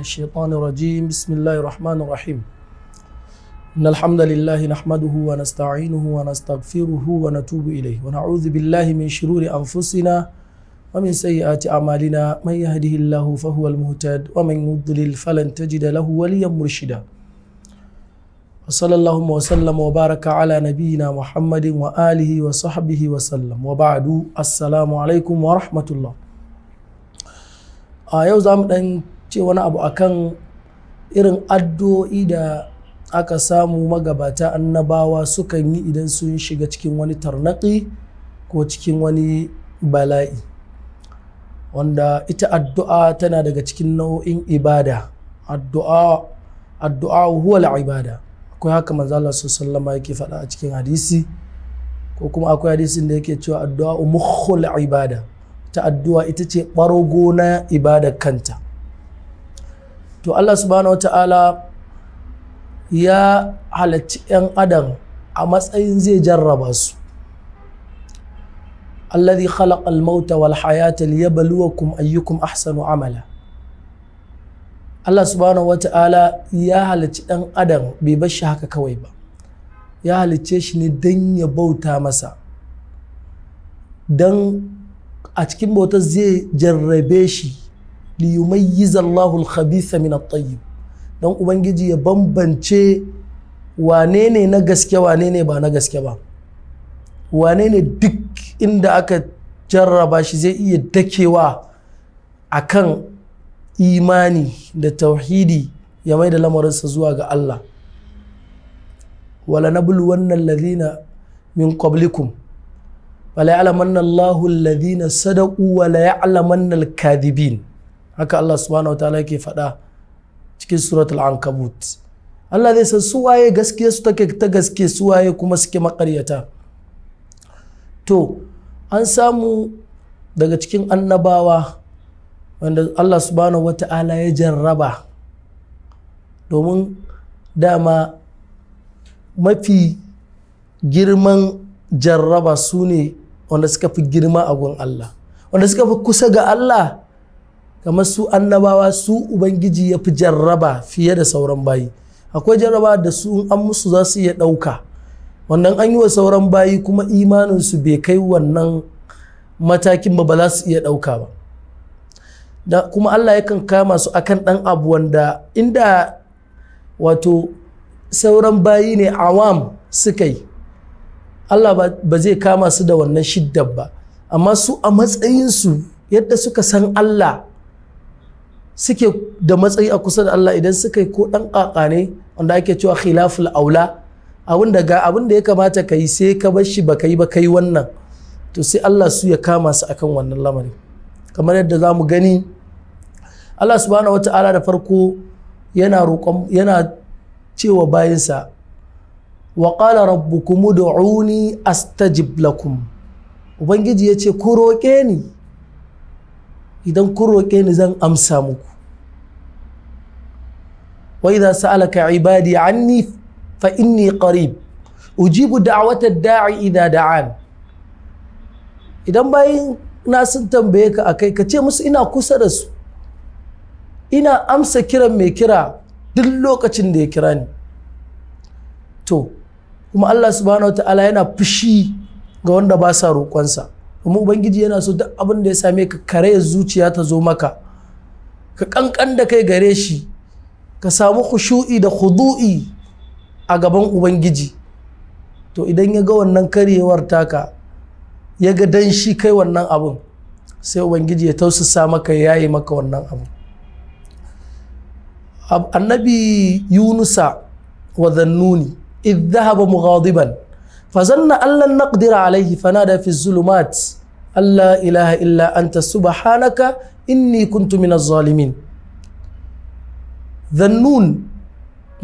الشيطان الرجيم بسم الله الرحمن الرحيم إن الحمد لله نحمده ونستعينه ونستغفره ونتوب إليه ونعوذ بالله من شرور أنفسنا ومن سيئات أعمالنا من يهده الله فهو المهتد ومن يضلل فلن تجد له وليا مرشدا وصلى اللهم وسلم وبارك على نبينا محمد وآله وصحبه وسلم وبعد السلام عليكم ورحمة الله آه يوزا أن wani abu akan irin addu'o'i da aka samu magabata annabawa sukan yi idan sun shiga cikin wani tarnaƙi ko cikin wani bala'i wanda ita addu'a tana daga cikin nau'in ibada addu'a addu'a huwa ibada akwai haka manzo su sallama yake faɗa a cikin hadisi ko kuma akwai hadisin da yake cewa addu'a mukhul ibada ta addu'a ita ce ɓarago na ibada kanta to Allah subhanahu wa ta'ala ya halarci 'yan adam a matsayin zai jarraba su alladhi khalaqa al-mauta wal hayata liyabluwakum ayyukum ahsanu amala Allah subhanahu wata'ala ya halarci ɗan adam bai bar shi haka kawai ba ya halicce shi ne dan ya bauta masa dan a cikin bautar zai jarrabe shi liyumayyiz Allahul khabitha min at-tayyib don ubangiji ya bambance wane ne na gaske wane ne ba na gaske ba wane ne duk inda aka jarraba shi zai iya dakewa a kan imani da tauhidi ya mai da lamarinsa zuwa ga Allah wala nablu wannan ladina min qablikum wala ya'lamanna Allahu alladhina sadaqu wala ya'lamanna al-kadhibin haka Allah subhanahu wa ta'ala yake faɗa cikin suratul ankabut Allah zai san suwaye gaskiya su take ta gaske su waye kuma suke makaryata to an samu daga cikin annabawa wanda Allah subhanahu wata'ala ya jarraba domin dama mafi girman jarraba su ne wanda suka fi girma a gun Allah wanda suka fi kusa ga Allah kamar su annabawa su ubangiji ya fi jarraba fiye da sauran bayi akwai jarraba da su an musu za su iya ɗauka wannan an yi wa sauran bayi kuma imaninsu bai kai wannan matakin ba ba za su iya ɗauka ba da kuma Allah yakan kama su akan ɗan abu wanda inda wato sauran bayi ne awam suka yi Allah ba zai kama su da wannan shiddar ba amma su a matsayinsu yadda suka san Allah suke da matsayi a kusa da Allah idan suka yi ko ɗan ƙaƙa ne wanda ake cewa khilaful aula abin ga abin ya kamata ka yi sai ka bar shi ba ka yi ba ka yi wannan to sai Allah su ya kama su akan wannan lamari kamar yadda za mu gani Allah subhanahu wata'ala da farko yana roƙon yana cewa bayansa wa qala rabbukum ud'uni astajib lakum ubangiji ya ce ku roƙe ni idan kun roƙe ni zan amsa muku wa idza sa'alaka ibadi anni fa inni qarib ujibu da'wata da'i idza da'an idan bayin na sun tambaye ka akai ka ce musu ina kusa da su ina amsa kiran mai kira duk lokacin da ya kira ni to kuma Allah subhanahu wa ta'ala yana fushi ga wanda ba sa roƙonsa kuma ubangiji yana so duk abin da ya same ka kare zuciya ta zo maka ka kankan da kai gare shi ka samu khushu'i da khudu'i a gaban ubangiji to idan ya ga wannan karyewar taka ya ga dan shi kai wannan abun sai ubangiji ya tausasa maka ya yi maka wannan abun annabi yunusa wa zannuni idh dhahaba mughadiban fazanna allan naqdira alaihi fana da fi zulumat Allah ilaha illa anta subhanaka inni kuntu min zalimin zannun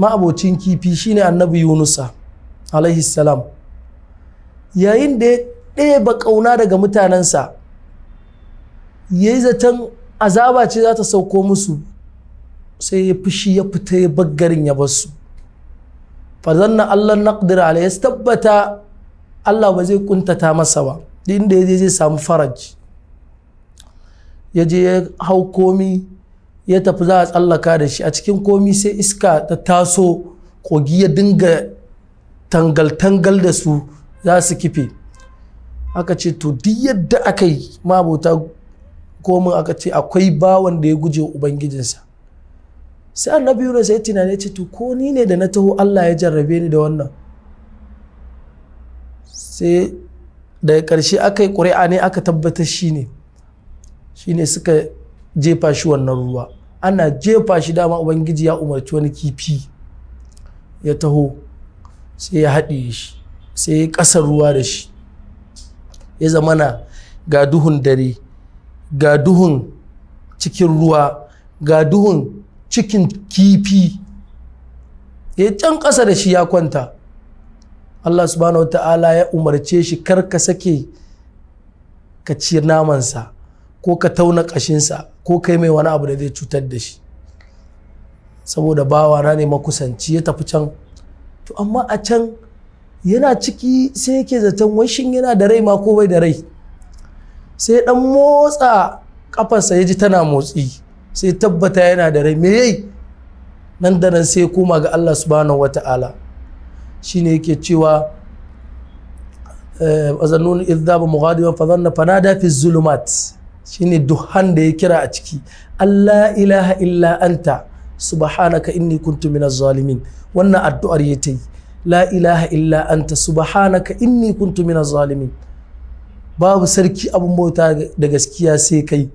ma'abocin kifi shine annabi yunusa alaihi yayin da ya ɗeba ƙauna daga mutanensa ya yi zaton azaba ce za ta sauko musu sai ya ya fita ya baggarin ya bar fazanna Allah naqdir ala ya tabbata Allah ba zai kuntata masa ba din da yaje zai samu faraj ya je ya hau komi ya tafi za a tsallaka da shi a cikin komi sai iska ta taso kogi ya dinga tangal-tangal da su za su kife aka ce to duk yadda aka yi mabota komin aka ce akwai bawan da ya guje ubangijinsa sai annabi yunus ya tunane ce to ko ni ne da na taho allah ya jarrabe ni da wannan sai daga ƙarshe aka yi ƙuri'a ne aka tabbatar shi ne shi ne suka jefa shi wannan ruwa ana jefa shi dama ubangiji ya umarci wani kifi ya taho sai ya haɗe shi sai ya ƙasa ruwa da shi ya zamana ga duhun dare ga duhun cikin ruwa ga duhun cikin kifi ya can ƙasa da shi ya kwanta Allah subhanahu ta'ala ya umarce shi kar ka sake ka ci namansa ko ka tauna ƙashinsa ko kai mai wani abu da zai cutar da shi saboda bawa na ne makusanci ya tafi can to amma a can yana ciki sai yake zaton washin yana da rai ma ko bai da rai sai dan motsa kafarsa ya ji tana motsi sai tabbata yana da rai me yai nan da nan sai koma ga Allah subhanahu shi shine yake cewa eh, azannun idzaba mughadiban fa fanada fi zulumat shine duhan da ya kira a ciki Allah ilaha illa anta subhanaka inni kuntu min zalimin wannan addu'ar ya ta yi la ilaha illa anta subhanaka inni kuntu min zalimin babu sarki abun bauta da gaskiya sai kai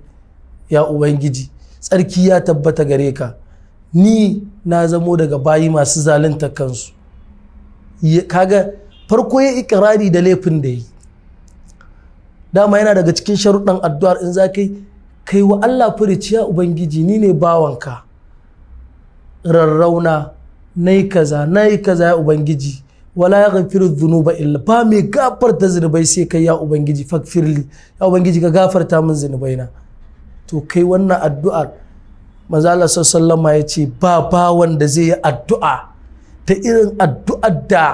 ya ubangiji tsarki ya tabbata gare ka ni na zamo daga bayi masu zalunta kansu kaga farko ya ikirari da laifin da yi dama yana daga cikin sharuɗan addu'ar in za yi kai wa Allah furiciya ubangiji ni ne bawanka rarrauna na yi kaza na yi kaza ya ubangiji wala ya gafiru zunuba illa ba mai gafarta zunubai sai kai ya ubangiji fakfirli ya ubangiji ka gafarta min zunubai na to kai wannan addu'ar maza Allah sallallahu ya ce ba ba wanda zai yi addu'a ta irin addu'ar da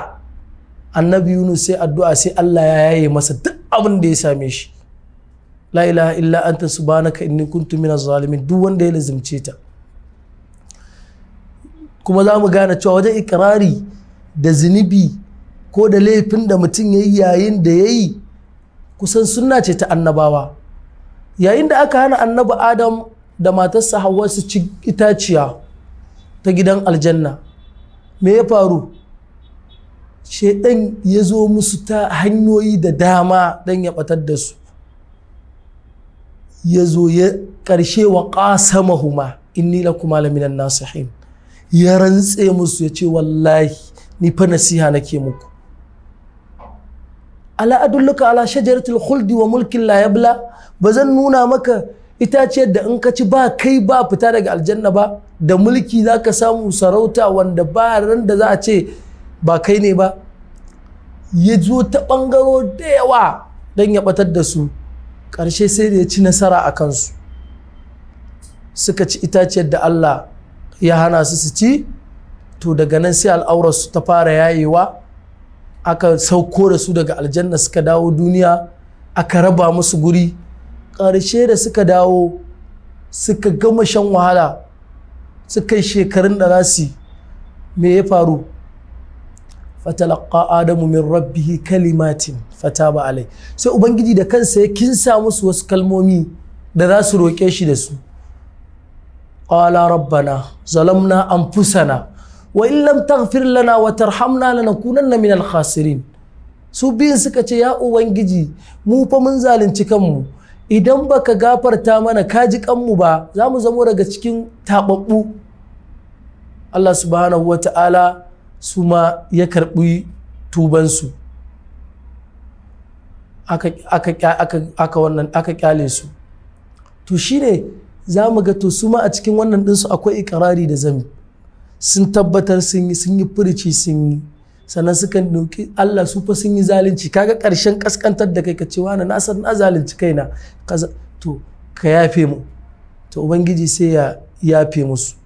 annabi Yunus sai addu'a sai Allah ya yaye masa duk abin da ya same shi la ilaha illa anta subhanaka inni kuntu minaz zalimin duk wanda ya lazimce ta kuma za mu gane cewa wajen ikirari da zunubi ko da laifin da mutum ya yi yayin da ya yi kusan sunna ce ta annabawa yayin da aka hana annabi adam da matarsa hawa su ci itaciya ta gidan aljanna me ya faru shaidan ya zo musu ta hanyoyi da dama don ya batar da su ya zo ya ƙarshe wa ƙasamahuma inni lakum malaminan nasihin ya rantse musu ya ce wallahi ni fa nasiha nake muku ala adulluka ala shajaratul khuldi wa mulkin la yabla ba zan nuna maka itaciyar da in ka ci ba kai ba fita daga aljanna ba da mulki za ka samu sarauta wanda ba ran da za a ce ba kai ne ba ya zo ta ɓangaro da yawa don ya batar da su ƙarshe sai da ya ci nasara a kansu suka ci itaciyar da Allah ya hana su su ci to daga nan sai al'aurarsu ta fara yayewa aka sauko da su daga aljanna suka dawo duniya aka raba musu guri ƙarshe da suka dawo suka gama shan wahala suka yi shekarun da rasi me ya faru fatalaka adamu min rabbihi kalimatin fata ba alai sai ubangiji da kansa ya kinsa musu wasu kalmomi da za su roƙe shi da su ƙala rabbana zalamna anfusana wa illam taghfir lana wa tarhamna na minal khasirin su biyun suka ce ya ubangiji mu fa mun zalunci kanmu idan baka gafarta mana ka ji kanmu ba za mu zamo daga cikin taɓaɓɓu Allah subhanahu wa ta'ala su ma ya karɓi tubansu aka aka kyale su to shine za mu ga to su ma a cikin wannan ɗinsu akwai ikirari da zambi sun tabbatar sun yi sun yi furici sun yi sannan sukan ɗauki Allah su fa sun yi zalunci kaga ƙarshen ƙasƙantar da kai ka ce wani na san na zalunci kaina to ka yafe mu to ubangiji sai ya yafe musu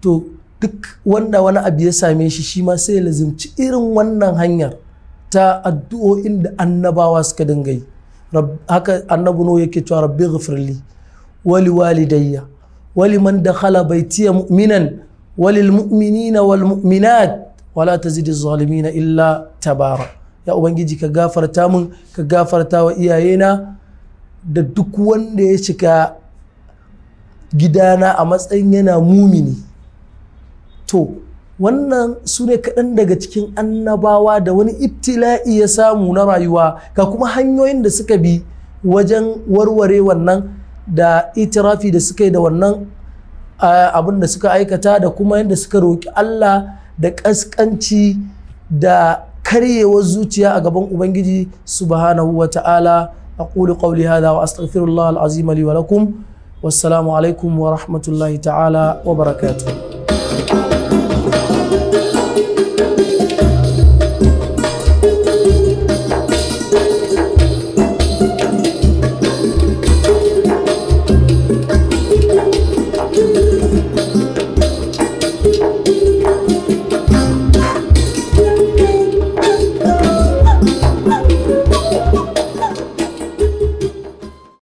to duk wanda wani abu ya same shi shi ma sai ya lazimci irin wannan hanyar ta addu'o'in da annabawa suka dinga yi haka annabi yake cewa rabbi ghafirli wali walidayya waliman da khala bai tiya mu'minan walil mu'mini na wal wala ta zidi zalimi na illa tabara ya ubangiji ka gafarta min ka gafarta wa iyayena da duk wanda ya cika gidana a matsayin yana mumini to wannan sune kaɗan daga cikin annabawa da wani ibtila'i ya samu na rayuwa ga kuma hanyoyin da suka bi wajen warware wannan da itirafi da suka yi da wannan abin da suka aikata da kuma yadda suka roƙi Allah da ƙasƙanci da karyewar zuciya a gaban Ubangiji subhanahu wa ta'ala a ƙuli ƙauli hada wa astaghfirullah al'azim wa lakum wassalamu alaikum wa rahmatullahi ta'ala wa barakatuh